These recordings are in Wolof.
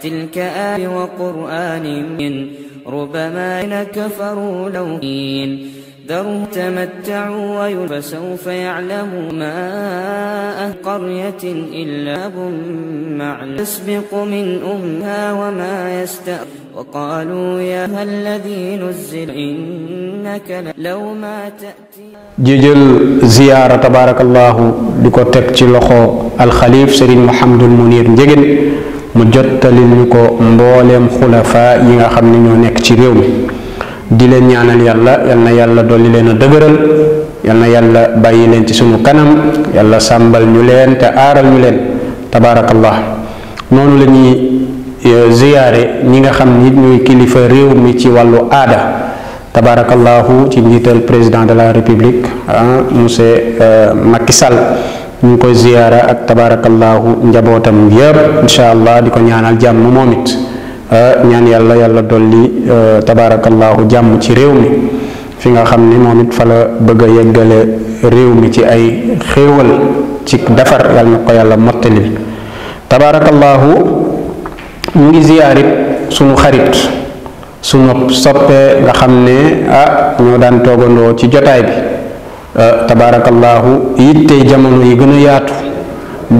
تلك آي وقرآن من ربما كفروا لو إن ذروا تمتعوا ويل فسوف يعلموا ما أهل قرية إلا معلم تسبق من أمها وما يستأخر وقالوا يا الذي نزل إنك لو ما تأتي جيجل زيارة تبارك الله لكو تكتي لخو الخليف سرين محمد المنير جيجل mu jottali ñu ko mbooleem xulafaa yi nga xam ni ñoo nekk ci réew mi di leen ñaanal yàlla yal na yàlla dolli leen a dëgëral yal na yàlla bàyyi leen ci sunu kanam yàlla sàmbal ñu leen te aaral ñu leen tabaarakallah noonu la ñuy e, ziyaare ñi nga xam ni ñooy kilifa réew mi ci wàllu aada tabaarakallahu ci njiital président de la république ah, monsieur e, Macky Sall ñu ngi koy ziyaara ak tabaarakallaahu njabootam yëpp incha allah di ko ñaanal jàmm moom it ah, ñaan yàlla yàlla dolli ah, tabaarakallaahu jàmm ci réew mi fi nga xam ne moom it fa la bëgg a yeggale réew mi ci ay xéewal ci defar yàlla na ko yàlla mottalil tabaarakallaahu ñu ngi ziyaarit sunu xarit sunu soppee nga xam ne ah ñoo daan toogandoo ci jotaay bi Eh, tabarakallahu yitte jamono yi gëna yaatu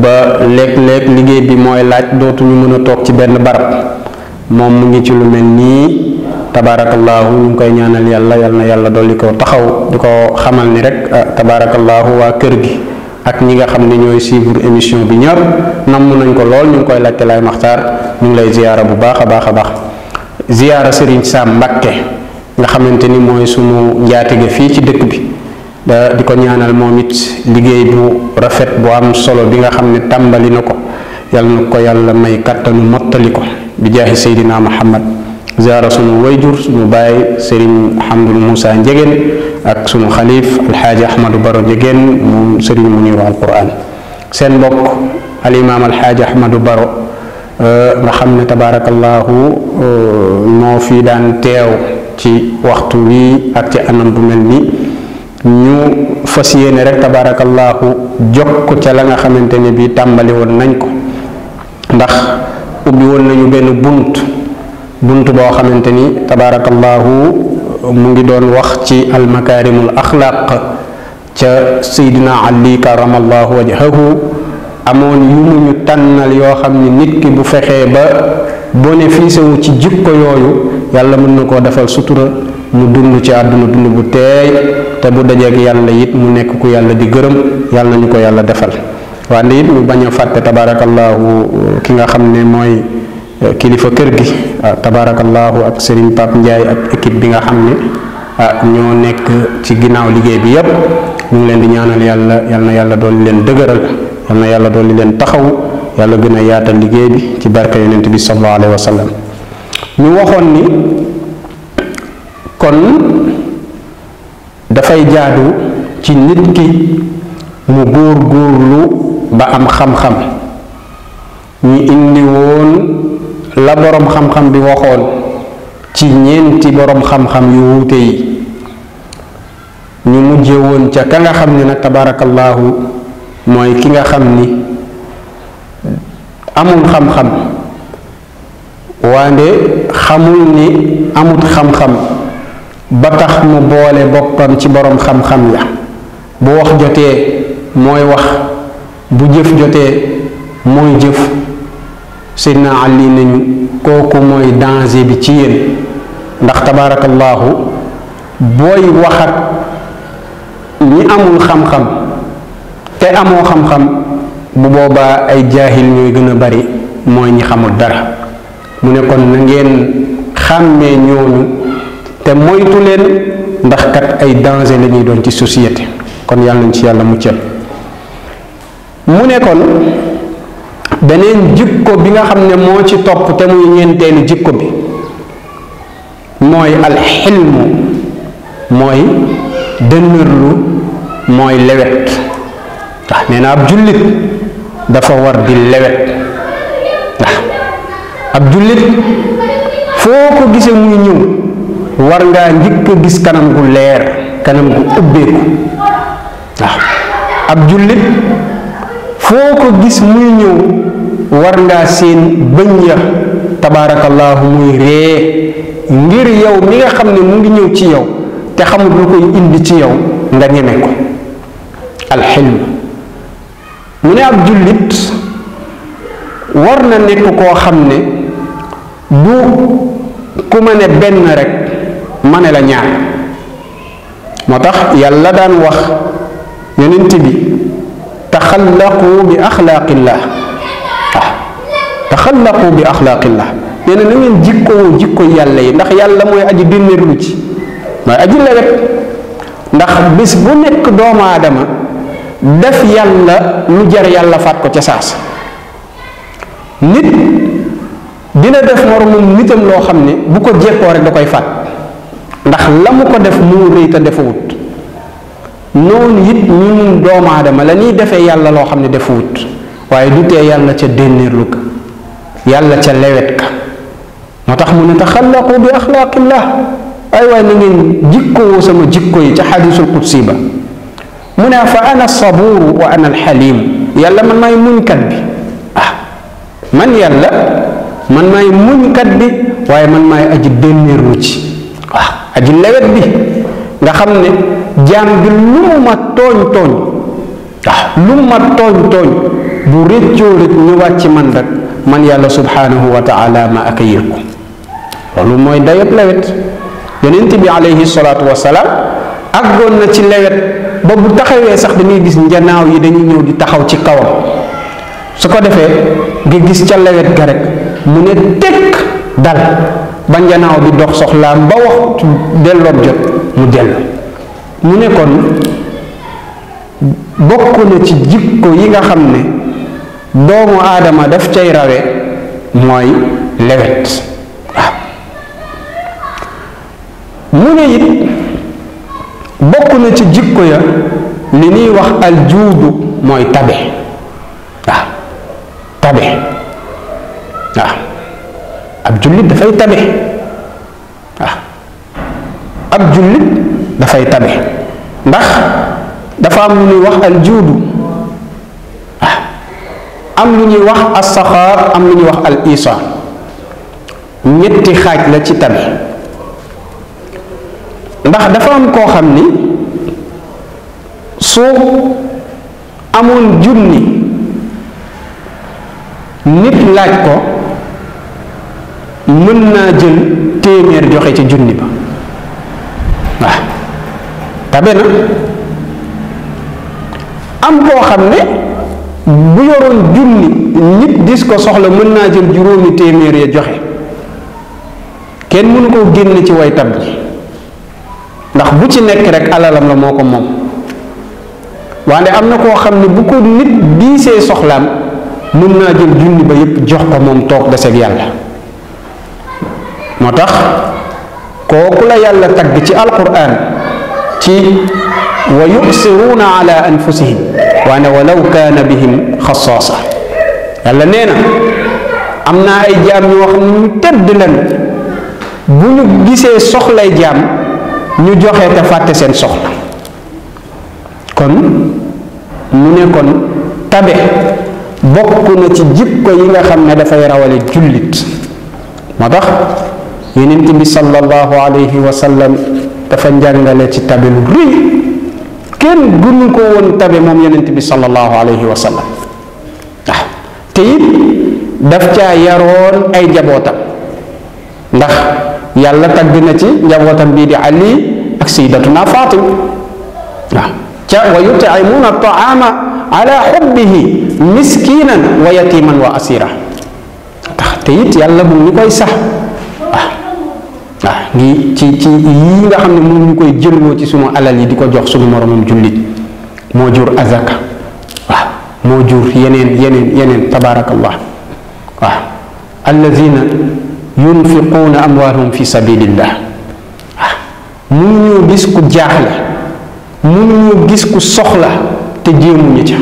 ba lek lek liggéey bi mooy laaj dootuñu mën a toog ci benn barab moom mu ngi ci lu mel nii tabarakallahu ñu ngi koy ñaanal yàlla na yàlla ko taxaw di ko xamal ni rek ah, tabarakallahu waa kër gi ak ñi nga xam ne ñooy suivre émission bi ñor namm nañ ko lool ñu ngi koy laajte lay maxtaar ñu lay bu baax a baax a baax Sam Mbàkke nga xamante ni mooy sunu njaatige fii ci dëkk bi da di ñaanal momit liggey bu rafet bu am solo bi nga xamne tambali nako yalla ko yalla may katanu mottali ko bi jahi sayidina muhammad ziyara sunu wayjur sunu baay serigne hamdul musa njegen ak sunu al-haji ahmad baro njegeen moom sëriñ mu ñuy sen bok al imam al haji ahmad baro euh, nga xamne tabarakallah euh, mo fi dan teew ci waxtu wi ak ci anam bu melni ñu fas yéene rek tabaarakallaahu jokk ca la nga xamante ne bi tàmbali woon nañ ko ndax ubbi woon nañu benn bunt bunt boo xamante ni tabaarakallaahu mu ngi doon wax ci almakaarimul axlaaq ca seydina ali karamallaahu wajhahu amoon yu mu ñu tànnal yoo xam ni nit ki bu fexee ba bénéfice wu ci jikko yooyu yàlla mën na koo defal sutura mu dund ci àdduna dund bu teey te bu dajeek yàlla it mu nekk ku yàlla di gërëm yàlla nañu ko yàlla defal wante it mu bañ a fàtte tabaarakallaahu uh, ki nga xam ne mooy uh, kilifa kër gi uh, tabaarakallaahu ak Serigne Pape Ndiaye ak équipe bi nga xam ne ah ñoo nekk ci ginnaaw liggéey bi yépp ñu ngi leen di ñaanal yàlla yal na yàlla doon leen dëgëral yal na yàlla doon leen taxaw yàlla gën a yaatal liggéey bi ci barke yonent bi sallallahu alayhi wa ñu waxoon ni kon fay jaadu ci nit ki mu gor góorlu ba am xam-xam ñu indi woon la borom xam-xam bi waxoon ci ñeenti borom xam-xam yu wuute yi ñu woon ca ka nga xam ni nag tabarakallahu mooy ki nga xam ni amul xam-xam waande xamul ni amut xam-xam ba tax mu boole boppam ci boroom xam-xam ya bu wax jotee mooy wax bu jëf jotee mooy jëf seydna ali nañu kooku mooy danger bi ci yéen ndax tabaarakallaahu booy wax ak ñi amul xam-xam te amoo xam-xam bu boobaa ay jaahil ñooy gën a bari mooy ñi xamul dara mu ne kon na xàmmee ñooñu te moytu leen ndax kat ay danger la doon ci société kon yàlla nañ ci yàlla muccal mu nekkoon kon beneen jikko bi nga xam ne moo ci topp te muy ñeenteelu jikko bi mooy alxilmu mooy dënërlu mooy lewet waaw nee na ab jullit dafa war di lewet ab jullit foo ko gisee muy ñëw war ngaa njëkk a gis kanam gu leer kanam gu ubbeeku waaw ab jullit foo ko gis muy ñëw war ngaa seen bëñ ya tabaarakallaahu muy ree ngir yow mi nga xam ne mu ngi ñëw ci yow te xamul lu koy indi ci yow nga ñeme ko alxilm mu ne ab jullit war na nekk koo xam ne du ku ma ne benn rekk mané la ñaar motax yalla daan wax yonent bi takhallaqu bi akhlaqillah ah, takhallaqu bi akhlaqillah neena na ngeen jikko jikko yalla yi ndax yalla moy aji dinnerlu ci moy aji rek ndax bis bu nek doomu adama def yalla lu jar yalla fat ko ci sas nit dina def moromum nitam lo xamne bu ko jekko rek da fat ndax la mu ko def moo rëy te defuwut noonu it ñun doomu aadama la ñuy defee yàlla loo xam ne defuwut waaye du tee yàlla ca dénnéerlu ka yàlla ca lewet ka moo tax mu ne taxallaqu bi axlaaqillah ay waay na ngeen jikkoo sama jikko yi ca xadiisul qudsi ba mu ne fa ana sabuuru wa ana alxaliim yàlla man maay muñkat bi ah man yàlla man maay muñkat bi waaye man maay aji dénnéerlu ci waaw aji lewet bi nga xam ne jaam bi lu mu ma tooñ tooñ waaw lu mu ma tooñ tooñ bu rëccoo rëcc ñëwaat ci man rek man yàlla subhanahu wa taala ak accueillir ko loolu mooy dayot lewet yonent bi alayhi salaatu wasalaam àggoon na ci lewet ba bu taxawee sax dañuy gis njanaaw yi dañuy ñëw di taxaw ci kawam su ko defee nga gis ca lewet ga rek mu ne tekk dal ba njanaaw di dox soxlaam ba waxtu delloo jot mu dellu mu ne kon bokk na ci jikko yi nga xam ne doomu aadama daf cay rawe mooy lewet waaw mu ne it bokk na ci jikko ya li ñuy wax aljuudu mooy tabe waaw tabe waaw ab jullit dafay tabe waaw ab jullit dafay tabe ndax dafa am lu ñuy wax al juudu waaw am lu ñuy wax as saxaar am lu ñuy wax al isaar ñetti xaaj la ci tabe ndax dafa am koo xam ni su amoon junni nit laaj ko mën naa jël téeméer joxe ci junni ba waaw tabe na am koo xam ne bu yoroon junni nit dis ko soxla mën naa jël juróomi téeméer ya joxe kenn mënu koo génn ci way tab ji ndax bu ci nekk rek alalam la moo ko moom waande am na koo xam ne bu ko nit diisee soxlaam mën naa jël junni ba yépp jox ko moom toog deseeg yàlla motax koku la yàlla tag ci alquran ci wa ala anfusihim wa ana walaw kana bihim khassasa yàlla neena amna ay jam ñoo xam ñu tëdd lan bu ñu gisee soxlay jam ñu joxe ta fàtte sen soxla kon mu ne kon tabe bokku na ci jikko yi nga xamne da fay rawale julit motax yonent bi sallallahu alayhi wa sallam dafa jangale ci tabe lu rëy kenn gënu ko won tabe mom yonent bi sallallahu alayhi wa sallam ah te it daf ca yaron ay jabota ndax yalla tag dina ci jabotam bi di ali ak sayyidatuna fatim ah ca wa yutimuuna ala hubbihi miskinan wa yatiman wa asira tax te it yàlla mu ni koy sax ngi ci ci yii nga xam ne moom ñu koy jëloo ci sunu alal yi di ko jox sunu moromam jullit moo jur azaka waaw moo jur yeneen yeneen yeneen tabaarakallah waaw allazina yunfiquuna amwaalahum fi sabilillah waaw mënuñoo gis ku jaaxle mënuñoo gis ku soxla te jéemuñu ca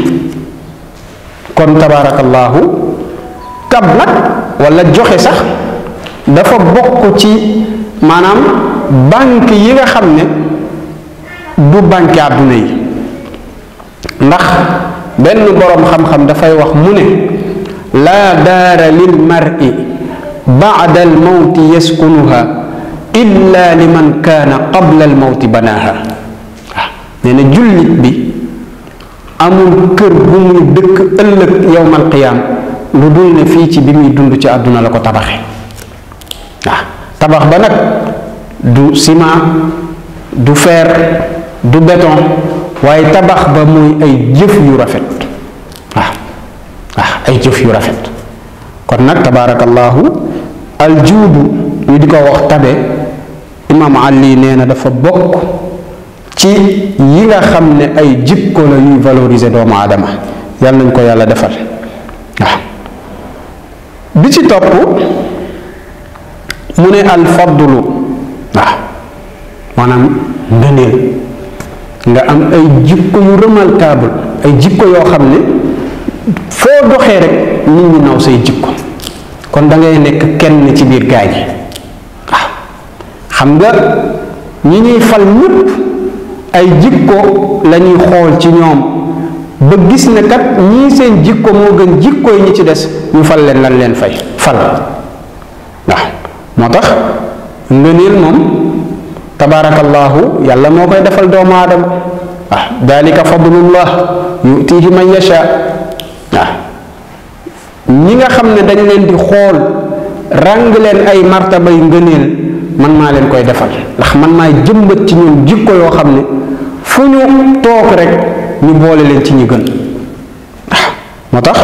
kon tabaarakallahu kab nag wala joxe sax dafa bokk ci manam bank yi nga xamne du banki aduna yi ndax benn borom xam-xam dafay wax mu ne laa daara lil mar'i ba'da al mawt yaskunuha illa liman kana qabla al mawt banaha neena julit bi amul kër bu muy dëkk ëllëg yowmal qiyam lu dul ne fii ci bi muy dund ci àdduna la ko tabaxe waaw tabax ba nak du ciment du fer du béton waye tabax ba mooy ay jëf yu rafet waaw waaw ay jëf yu rafet kon nak tabarakallah aljud ñu diko wax tabe imam ali neena dafa bok ci yi nga xamne ne ay jikko la ñuy valoriser doomu adama yàlla nañ ko yàlla defal bi ci topp mu ne al fadlu waaw maanaam ngëneel nga am ay jikko yu remarquable ay jikko yoo xam ne foo doxee rek nit ñi naw say jikko kon dangay nekk kenn ci biir gaay yi waaw xam nga ñi ñuy fal ñëpp ay jikko la ñuy xool ci ñoom ba gis ne kat seen jikko moo gën jikko yi ñu ci des ñu fal leen lan leen fay fal waaw motax tax ngëneel moom tabaarakallaahu yàlla mo koy defal do doomu adam ah dalika fadlullah yutihi man yasha ah ñi nga xamne dañ leen di xol ràng leen ay martaba yi ngëneel man ma leen koy defal ndax man maay jëmbat ci ñoom jikko yo xamne fu ñu tok rek ñu boole leen ci ñi gën motax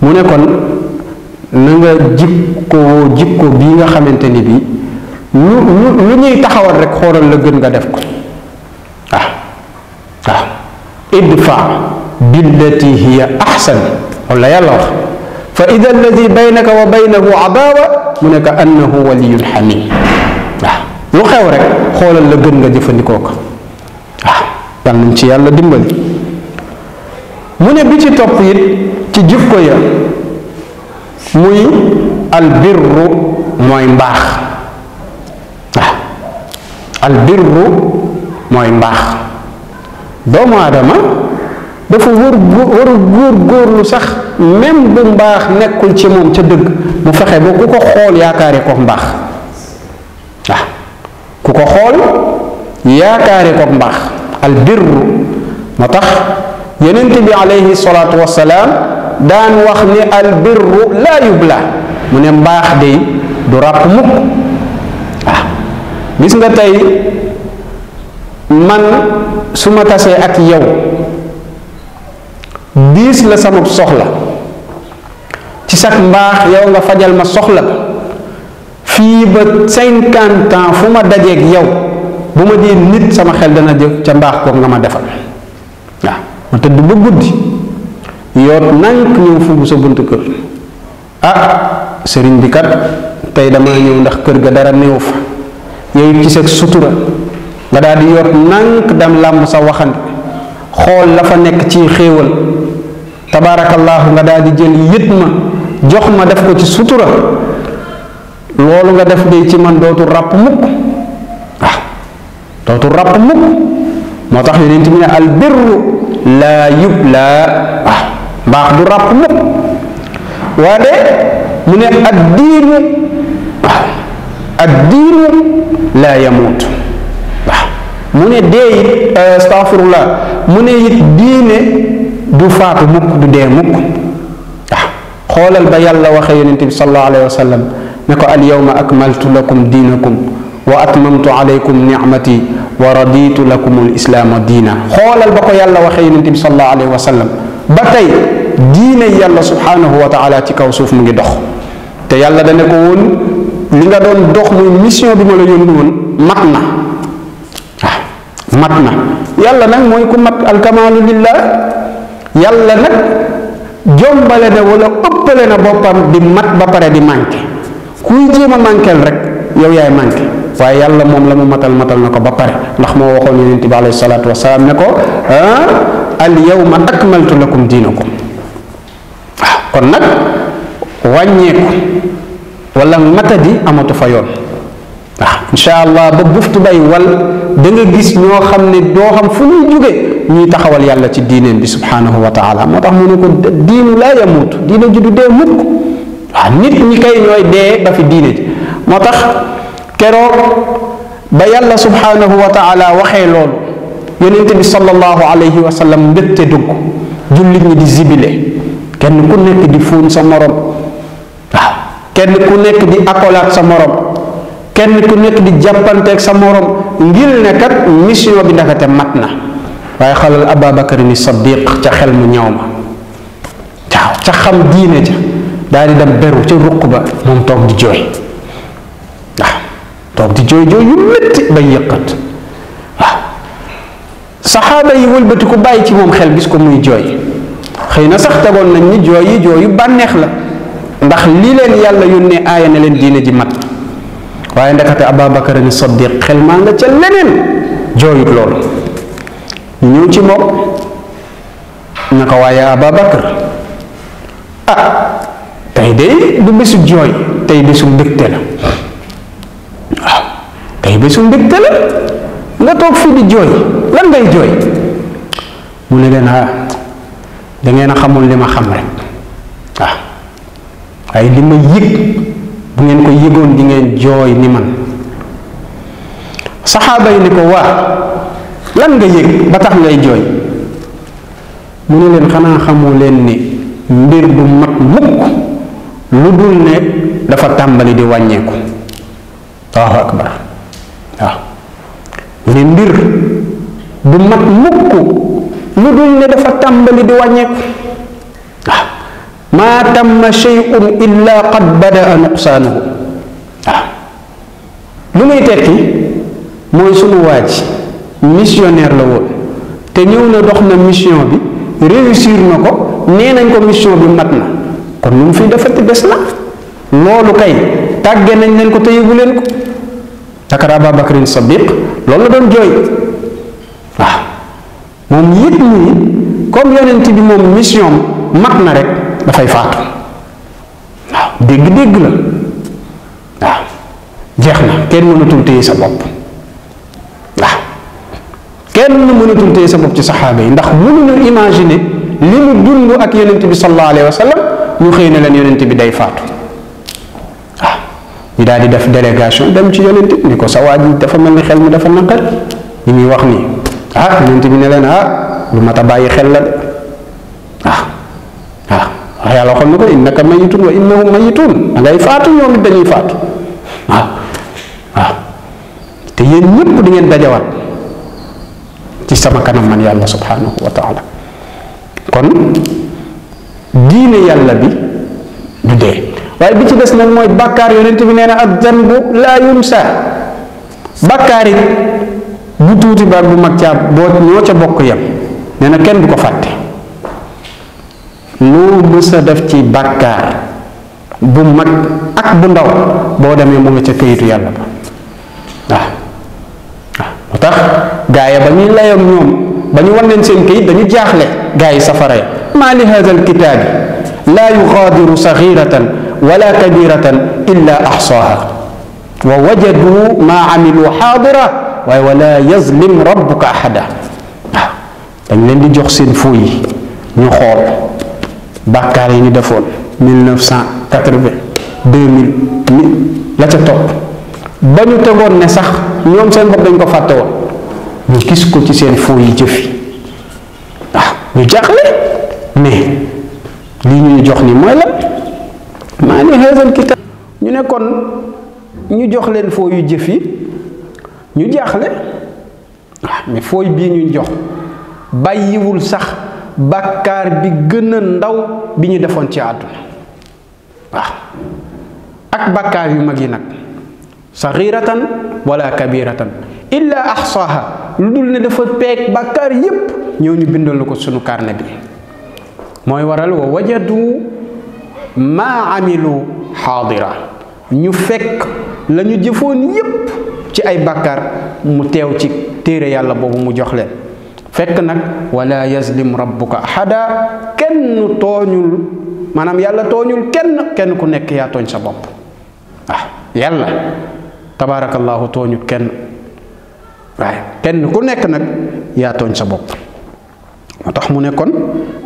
mu ne kon na nga jikkoo jikko bii nga xamante ni bii lu lu lu ñuy taxawal rek xoolal la gën nga def ko waaw waaw idfa billati hiya ahsan wala yàlla wax fa ida alladi baynaka wa baynahu adaawa mu ne ka waaw lu xew rek xoolal la gën nga jëfandikoo ko waaw yal nañ ci yàlla dimbali mu ne bi ci topp it ci ko ya muy albirru mooy mbaax waaw albirru mooy mbaax doomu aadama dafa wër wër góorlu sax même bu mbaax nekkul ci moom ca dëgg mu fexe ba ku ko xool yaakaare ko mbaax waaw ku ko xool yaakaare ko mbaax albirru moo tax yenent bi aleyhi salaatu wassalaam Dan wax ni al birru la yubla mune mbax de du rap ah gis nga tay man suma tassé ak yow dis la sama soxla ci sax mbax yow nga fajal ma soxla kan fuma ba yau. ans fuma dajé ak yow buma di nit sama xel dana jëf ca mbax ko nga ma defal waaw ah. ma bu guddii yoot nank ñëw fugu sa buntu kër ah sëriñ bi kat tey dama ñëw ndax kër ga dara néew fa ci sutura nga daal di yoot nank dam làmb sa waxan xool la fa nekk ci xéewal tabarakallahu nga daal di jël yitma ma jox ma def ko ci sutura loolu nga def day ci man dootu ràpp mukk ah dootu ràpp mukk moo tax yonent al birru la yubla ah baax du ràpp mukk waaye mu ne ad diinu waaw mu ne dee it euh, astafirullah mu ne it diine du faatu mukk du dee mukk waaw xoolal ba yàlla waxe yonente bi sallallahu alayhi wa sallam ne ko al yawma akmaltu lakum diinakum wa atmamtu alaykum nicmati wa raditu lakum al islaama diina xoolal ba yàlla waxe yonente bi sallallahu alayhi ba tey diine yàlla subhaanahu wa ci kaw suuf mu ngi dox te yàlla dane ko woon li nga doon dox muy mission bi ma la yónni woon mat na waaw mat na yàlla nag mooy ku mat alkamaalu lillah yàlla nag jombale na wala ëppale na boppam di mat ba pare di manqué kuy jéem a manquel rek yow yaay manqué waaye yàlla moom la mu matal matal na ko ba pare ndax moo waxoon yonent bi alayhi salaatu wasalaam ne ko ah, al yawma akmaltu lakum diinakum waaw kon nag wàññeeku wala matadi amatu fa yoon waaw incha allah ba buftu bay wal da nga gis ñoo xam ne doo xam fu ñuy jóge ñuy taxawal yàlla ci diineen bi subhanahu wa moo tax mu ne ko diinu laa yamuut diine ji du dee mukk nit ñi kay ñooy dee ba fi diine ji moo tax keroog ba yàlla subhanahu wa waxee loolu yonente bi sallallahu alayhi wa sallam mbégte dugg jullit ñi di zibile kenn ku nekk di fuun sa morom waaw kenn ku nekk di akolaat sa morom kenn ku nekk di jàppanteeg sa morom ngir ne kat mission bi ndakate mat na waaye xalal ababakar ni sadiq ca xel mu ñaw ma waaw ca xam diine ja daal di dem beru ca ruq ba moom toog di jooy waaw toog di jooy jooy yu métti bay yëqat saxaaba yi wëlbati ku bàyyi ci moom xel bis ko muy jooy xëy na sax tegoon nañ ni jooy yi yu bànneex la ndax lii leen yàlla yónnee aaya ne leen diine ji mat waaye ndekate Ababakar ni Saddiq xel maa nga ca leneen jooyut loolu ñu ñëw ci moom ko waaye Ababakar ah tey de du bésu jooy tey bésu mbégte la waaw tey bésu mbégte la nga toog fii di jooy lan ngay jooy mu ne leen ah da a xamul li ma xam rek waaw ah, waaye li ma yëg bu ngeen ko yëgoon di ngeen jooy ni man saxaaba yi ni ko waa lan nga yëg ba tax ngay jooy mu ne leen xanaa xamu leen ni mbir du mat mukk lu dul ne dafa tàmbali di wàññeeku allahu akbar ne mbir bu mat mukk lu dul ne dafa tambali di ah. tamma shay'un illa qad bada'a nuqsaanuhu waaw ah. lu muy tekki mooy sunu waa missionnaire la woon te ñëw na dox na mission bi réussir na ko ko mission bi mat kon mu fi defati des na loolu kay tàgge nañ leen ko te ko takar ababacrin sadiq loolu la doon jooy waaw moom yëg nii comme yonent bi moom mission mat na rek dafay faatu waaw dégg-dégg la waaw jeex na kenn mënatul téye sa bopp waaw kenn mënatul téye sa bopp ci saxaaba yi ndax mënuñu imaginer li mu dund ak yonent bi sallallahu alayhi wa sallam ñu xëy ne leen yonent bi day faatu ñu daal di def délégation dem ci yonent ni ko sa waaji dafa mel ni xel mi dafa naqar ñi muy wax ni ah yonent bi ne leen ah lu mata bàyyi xel la de ah ah wax ah, yàlla ya, waxoon na ko innaka mayitun wa innahum mayitun da ngay faatu ñoom it dañuy faatu ah ah te yéen ñëpp di ngeen dajawat ci sama kanam man yàlla ya subhanahu wa taala kon diine yàlla bi waaye bi ci des nag mooy bàkkaar yonent bi nee na ak zanbu laa yunsa bàkkaar it bu tuuti baag bu mag caa boo ñoo ca bokk yam nee na kenn du ko fàtte loo mës def ci bàkkaar bu mag ak bu ndaw boo demee mu nga ca këyitu yàlla ba waaw waaw moo tax gaaya ba ñuy layoon ñoom ba ñu wan leen seen këyit dañu jaaxle gaa yi safara ya maa li haazal kitaabi laa yuxaadiru saxiiratan ولا كبيرة إلا أحصاها ووجدوا ما عملوا حاضرة ولا يظلم ربك أحدا دنج لين دي جوخ سين فوي نخور باكاري بكار ني دافون 1980 2000 لا تا توب با نسخ تيغون نيوم سين بوب دنج كو فاتو ني سين فوي جفي اه ني جاخلي مي لي ني جوخ maa ngi xeesal kitaab ñu nekkoon ñu jox leen foo yu jëf yi ñu jaaxle waaw ah, mais fooy bii ñu jox bàyyiwul sax bàkkaar bi gën ndaw bi ñu defoon ci àdduna waaw ak bàkkaar yu mag yi nag saxiratan wala kabiratan illa axsaaha lu dul ne dafa peeg bàkkaar yépp ñëw ñu bindal ko sunu karne bi mooy waral wajadu maa amilu xaadira ñu fekk la ñu jëfoon yépp ci ay bàkkaar mu teew ci téere yàlla boobu mu jox leen fekk nag wala yazlim rabbuka ahada kenn tooñul maanaam yàlla tooñul kenn kenn ku nekk yaa tooñ sa bopp ah yàlla tabaarakallaahu tooñul kenn waaye kenn ku nekk nag yaa tooñ sa bopp moo tax mu ne kon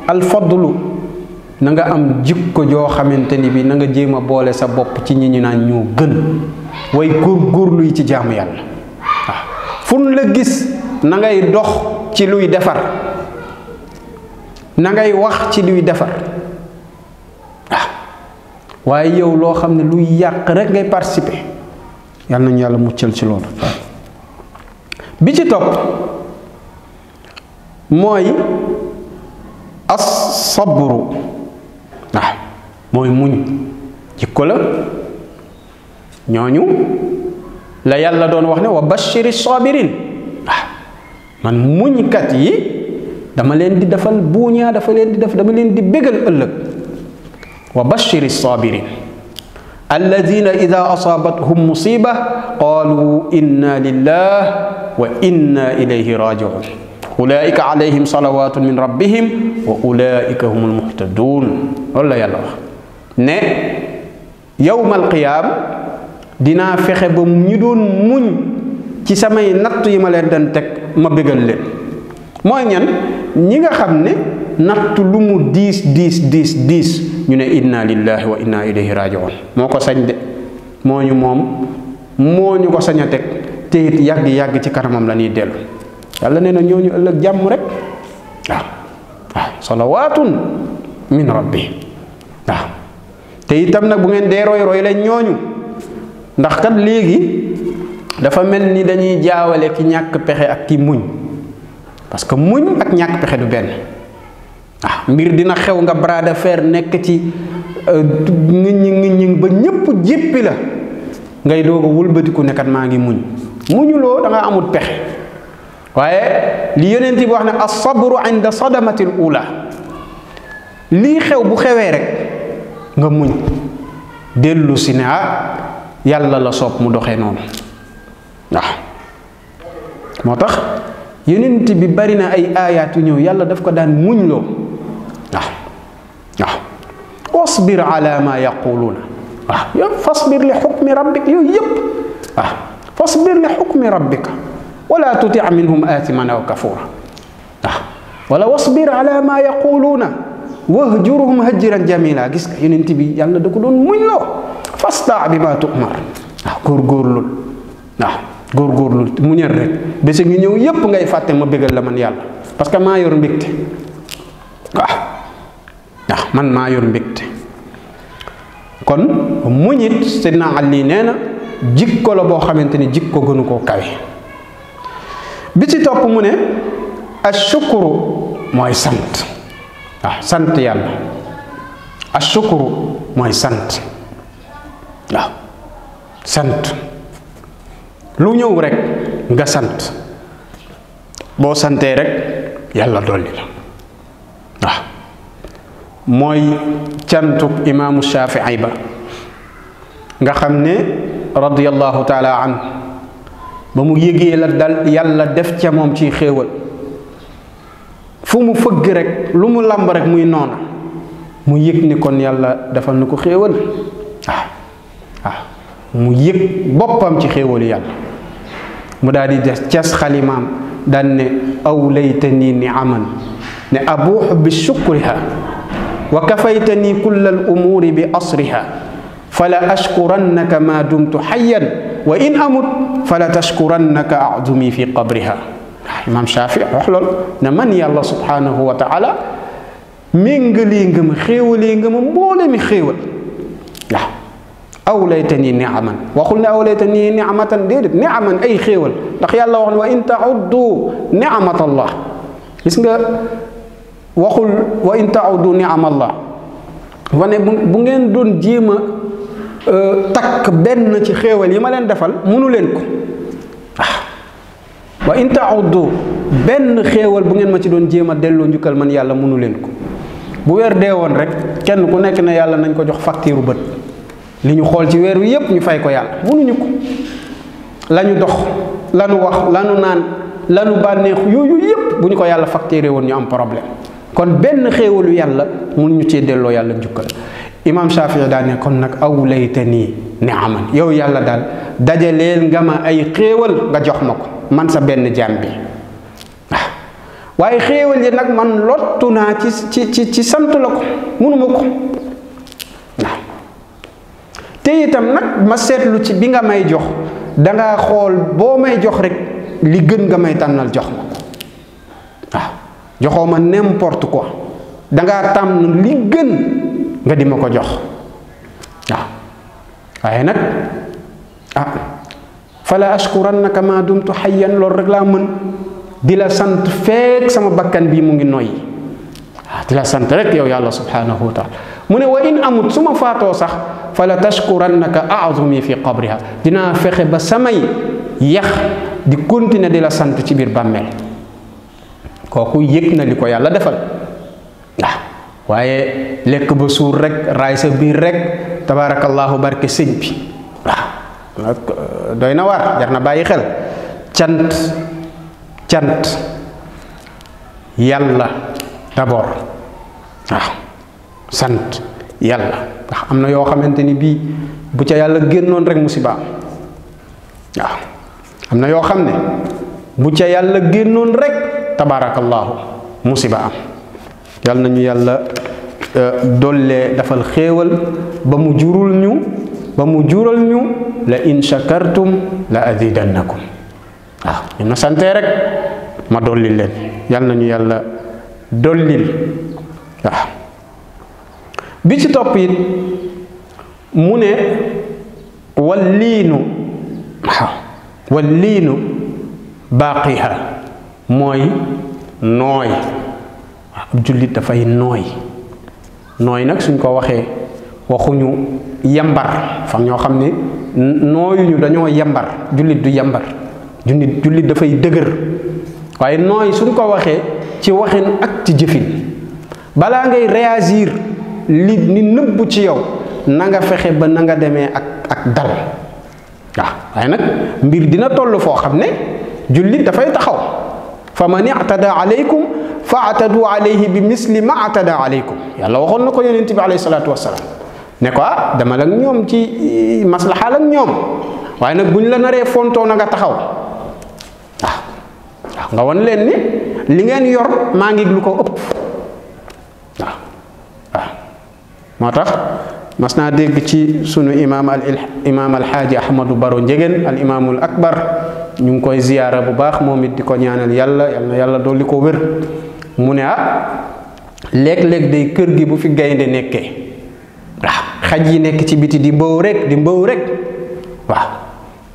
alfadlu na nga am jikko jo xamanteni bi na nga jema bolé sa bop ci ñi ñu naan ñu gën way gor gor yi ci jaamu yàlla waaw fun la gis na ngay dox ci luy défar na ngay wax ci luy défar waaw yow lo xam luy yaq rek ngay participer yalla nañu yalla muccel ci lool bi ci top moy as sabru mooy muñ jikko la ñooñu la yàlla doon wax ne wa bashiri sabirin ah man muñkat yi dama leen di defal buuñaa dafa leen di def dama leen di bégal ëllëg wa bashiri sabirin الذين إذا أصابتهم مصيبة قالوا إنا لله وإنا إليه راجعون أولئك عليهم صلوات من ربهم وأولئك هم المهتدون ولا يلا ne yawmal qiyam dina fexé ba ñu doon muñ ci samay nattu yi ma leen dan tek ma bëggal leen moy ñan ñi nga xamne nattu lu mu 10 10 10 10 ñu ne inna lillahi wa inna ilayhi raji'un moko sañ de moñu mom moñu ko saña tek teet yag yag ci karamam lañuy delu yalla neena ñoñu ëlëk jamm rek ah salawatun min rabbi ah te itam nak bu ngeen dee roy roy lañ ñooñu ndax kat léegi dafa mel ni dañuy jaawale ki ñàkk pexe ak ki muñ parce que muñ ak ñàkk pexe du benn ah mbir dina xew nga bras de fer nekk ci ngi ñi ngi ba ñépp jéppi la ngay doog a wëlbatiku ne kat maa ngi muñ muñuloo da nga amul pexe waaye li yonent bi wax ne as sabru inda sadamatil ula lii xew bu xewee rek nga muñ dellu si ne ah yàlla la soob mu doxee noonu waaw moo tax yonent bi bari na ay ayaat yu ñëw yàlla daf ko daan muñ loo waaw waaw wasbir li xukmi rabbika yooyu yëpp waaw fasbir li xukmi rabbika wala tuti minhum aatiman aw kafuura waaw wala wasbir ala ma yaquluuna wahjuruhum hajran jamila gis nga yonent bi yang da ko doon muñ loo fasta gor ma tu'mar waaw gor waaw góorgóorlul muñal rek bes ngi ñew yep ngay fàtte ma begal la man yalla parce que ma yor ah man ma yor kon muñit sidna ali neena jikko la bo xamanteni jikko gënu ko kawé bi ci top mu ne ash-shukru moy sante waaw ah, sant yàlla asukuru mooy sant sant lu ñëw rekk nga sant boo santee rek yàlla dolli la waaw mooy cantuk imaamu shafii ba nga xam ne radiyallahu taala an ba mu yëgee la dal yàlla def ca moom ci xéewal fumu mu fëgg rek lu mu lamb rek muy noona mu yek ni kon yàlla defal nako xewal ah ah mu yek bopam ci xewal yàlla mu dadi def ties khalimam dan ne aw laytani ni ne abuux bi shukriha wa kafaytani kull al umuri bi asriha fala ashkurannaka ma dumtu xayan wa in amut fala tashkurannaka adumi fi qabriha imaam Shaafi wax lool ne man yàlla subhaanahu wa taala méngalee nga ma xéewalee nga ma mboole mi xéewal waaw awlaytani niaman waxul ne awlaytani niamatan déedéet niaman ay xéewal ndax yàlla wax ne wa in tauddu niamatallah gis nga waxul wa in tauddu niamallah wane bu ngeen doon jéem a euh, takk benn ci xéewal yi ma leen defal mënu leen ko wa in tauddu benn xéewal bu ngeen ma ci doon jéem a delloo njukkal man yàlla mënu leen ko bu weer dee woon rek kenn ku nekk na yàlla nañ ko jox facture bët li ñu xool ci weer wi yépp ñu fay ko yàlla mënuñu ko lañu dox lañu wax lañu naan lañu bànneexu yooyu yépp bu ñu ko yàlla facturé woon ñu am problème kon benn xéewalu yàlla mënuñu cee delloo yàlla njukkal imaam Shafii daal ne kon nag te nii ne aman yow yàlla daal dajaleel nga ma ay xéewal nga jox ma ko man sa benn jaam bi waaw ah. waaye xéewal yi nag man lottu naa ci ci ci sant la ko munuma ko waaw te itam nag ma seetlu ci bi nga may jox danga xool boo may jox rek li gën nga may tànnal jox ma ko waaw joxoo ma n'importe dangaa tànn li gën nga di ma ko jox waaw waaye nag ah fala ashkurannaka ma dumtu xayyan loolu rek laa mën di la sant feek sama bakkan bii mu ngi noyyi ah, di la sant rek yow yàlla subhanahu wa taala mu ne wa in amut su ma faatoo sax fala tashkurannaka aazumi fi qabriha dinaa fexe ba samay yax di continuer di la sant ci biir bàmmeel kooku yëg na li ko yàlla defal waye lek bu suur rek raay sa rek tabarakallahu barke señ bi doyna war jarna bayi xel cant cant yalla dabor ah sant yalla ndax amna yo xamanteni bi bu ca yalla gennon rek musiba ah amna yo xamne ne bu ca yalla gennon rek tabarakallahu yàlla nañu yàlla euh, dollee dafal xéewal ba mu jurul ñu ba mu jural ñu la in shakartum la azidannakum waaw ñu ma santee rek ma dollil leen yàlla nañu yàlla dollil waaw bi ci topp it mu ne walliinu waaw walliinu baaqiha mooy nooy ab jullit dafay nooy nooy nag suñ ko waxee waxuñu yambar fa ñoo xam ne nooyuñu dañoo yambar jullit du yambar jullit jullit dafay dëgër waaye nooy suñ ko waxee ci waxin ak ci jëfin balaa ngay réagir li ni nëbbu ci yow nanga fexe ba nanga demee ak ak dal waaw waaye nag mbir dina toll foo xam ne jullit dafay taxaw fa man ictada alaykum faatadu alayhi bi misli ma atada alaykum yàlla waxoon na ko yonent bi alayhi salaatu wasalaam ne ko ah dama la ñoom ci eh, maslaxa la ñoom waaye nag bu ñu la naree fontoo na nga taxaw ah, ah nga won leen ni li ngeen yor maa ngi lu ko ëpp ah, ah. moo tax mas naa dégg ci sunu imaam al imaam alxaaji ahmadu baro njegéen al imaamul ñung koy ziyara bu baax momit diko ñaanal yalla yalla yalla do liko wër wér mu ne ah léeg-léeg day kër gi bu fi gaynde nekké waaw xaj yi nekk ci biti di mbëw rek di mbëw rek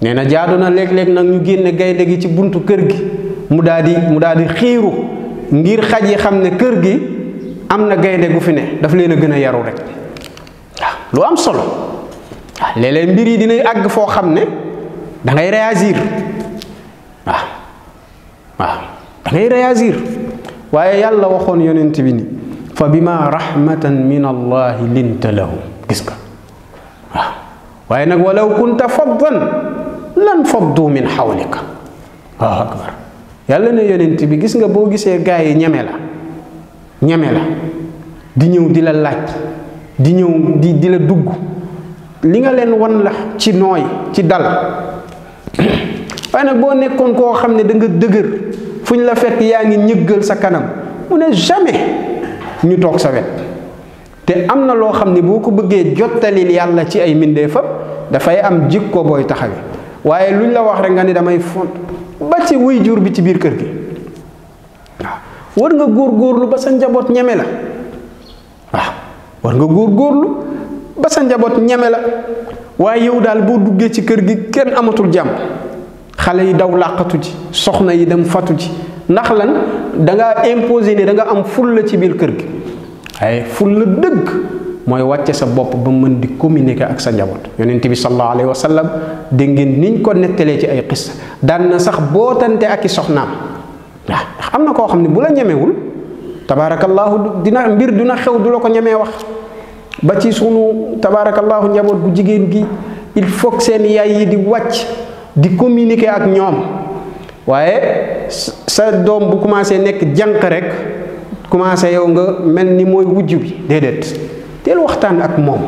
na jaadu na léeg ñu génne gaynde gi ci buntu kër gi mu daadi di mu daadi di ngir xaj yi kër gi amna gaynde gu fi ne daf leena gëna yaru rek lu am solo lele mbiri léeg mbir yi dinay da ngay réagir waaw waaw da ngay waaye yàlla waxoon yonent bi ni fa bima rahmatan min allahi linta lahum gis nga waaw waaye nag walaw kunta faddan lan faddu min xawlika waaw akbar yàlla ne yonent bi gis nga boo gisee gaa yi ñeme la ñeme la di ñëw di la laaj di ñëw di di la dugg li nga leen won la ci nooy ci dal waaye nag boo nekkoon koo xam ne danga dëgër fu ñu la fekk yaa ngi ñëggal sa kanam mu ne jamais ñu toog sa wet te am na loo xam ne boo ko bëggee jottalil yàlla ci ay mbindeefam dafay am jikko booy taxawe waaye luñ la wax rek nga ni damay font ba ci wuy jur bi ci biir kër gi waaw war nga góorgóorlu ba sa njaboot ñeme la waaw war nga góorlu ba sa njaboot ñeme la waaye yow daal boo duggee ci kër gi kenn amatul jàmm. xale yi daw làqatu ci soxna yi dem fatu ci ndax lan da nga imposer ni da nga am fulla ci bir kër gi ay ful la deug moy wàcce sa bop ba mën di communiquer ak sa njabot yonent bi sallallahu alayhi wasallam de ngeen niñ ko netele ci ay qissa dan na sax bootante ak soxna soxnaam waaw am na bu la ñemewul tabarakallah dina mbir dina xew du lako ñeme wax ba ci sunu tabarakallah njabot bu jigen gi il faut que sen yaay yi di wàcc di communiquer ak ñom waye sa dom bu commencé nek jank rek commencé yow nga melni ni wujju bi dedet teel waxtan ak mom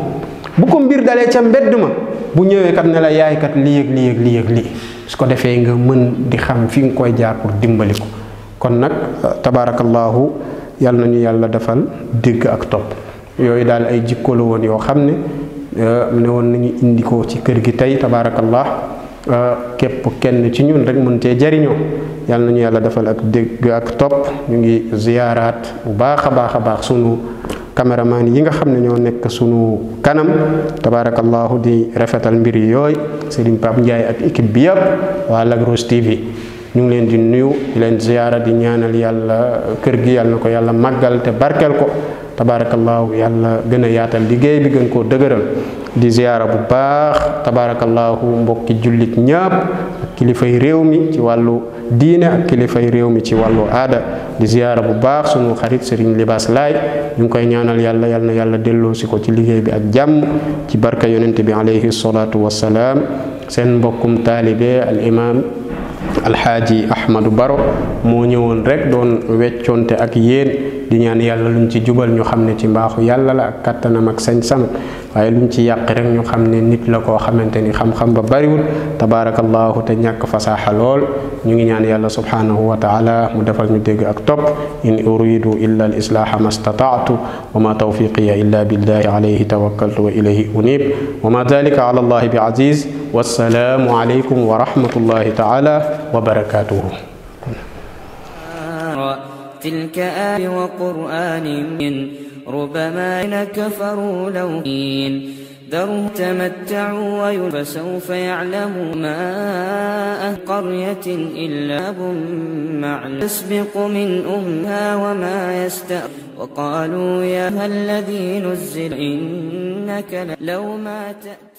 bu ko mbir dalé ca mbedduma bu ñëwé kat na la yaay kat li ak li ak li ak li su ko défé nga mën di xam fi ng koy jaar pour dimbali ko kon nak euh, tabarakallahu yàlla nañu yalla defal digg ak top yoy dal ay jikko lo won yo xamne euh ne won nañu indi ko ci kër gi tay tabarakallah Euh, képp kenn ci ñun rek mën cee jariñoo yàlla nañu yàlla defal ak dégg ak topp ñu ngi ziyaaraat bu baax a baax a baax sunu caméraman yi nga xam ne ñoo nekk sunu kanam tabaarakallaahu di rafetal mbir yi yooyu Serigne Pape Ndiaye ak équipe bi yëpp waa Lac TV ñu ngi leen di nuyu di leen ziyaara di ñaanal yàlla kër gi yàlla na ko yàlla màggal te barkeel ko tabaarakallaahu yàlla gën a yaatal liggéey bi gën koo dëgëral di ziarah bu baax tabarakallahu mbokki julit ñepp ak kilifa yi mi ci walu diine ak kilifa yi mi ci walu aada di ziarah bu baax sunu xarit serigne libas lay ñu koy ñaanal yalla yalla yalla delo ci ko ci liggey bi ak jamm ci barka yonente bi alayhi salatu wassalam sen mbokkum al imam haji ahmad baro mo ñewon rek doon wecconte ak yeen di ñaan yalla luñ ci jubal ñu xamne ci mbaxu yalla la katanam ak sañ-sam waaye luñ ci yàq rek ñu xam ne nit la koo xamante ni xam-xam ba bariwul tabarakallahu te ñàkk fasaaxa lool ñu ngi ñaan yàlla subhanahu wa taala mu defal ñu dégg ak topp in uridu illa al islaha ma stata'tu wa ma tawfiqiya illa billahi alayhi tawakkaltu wa ilayhi unib wa ma dhalika ala allahi bi aziz wassalamu alaykum wa rahmatullahi taala wa barakatuhu تلك آية وقرآن من ربما إن كفروا لو إن ذروا تمتعوا ويل فسوف يعلموا ما أهل قرية إلا معلم تسبق من أمها وما يستأخر وقالوا يا الذي نزل إنك لو ما تأتي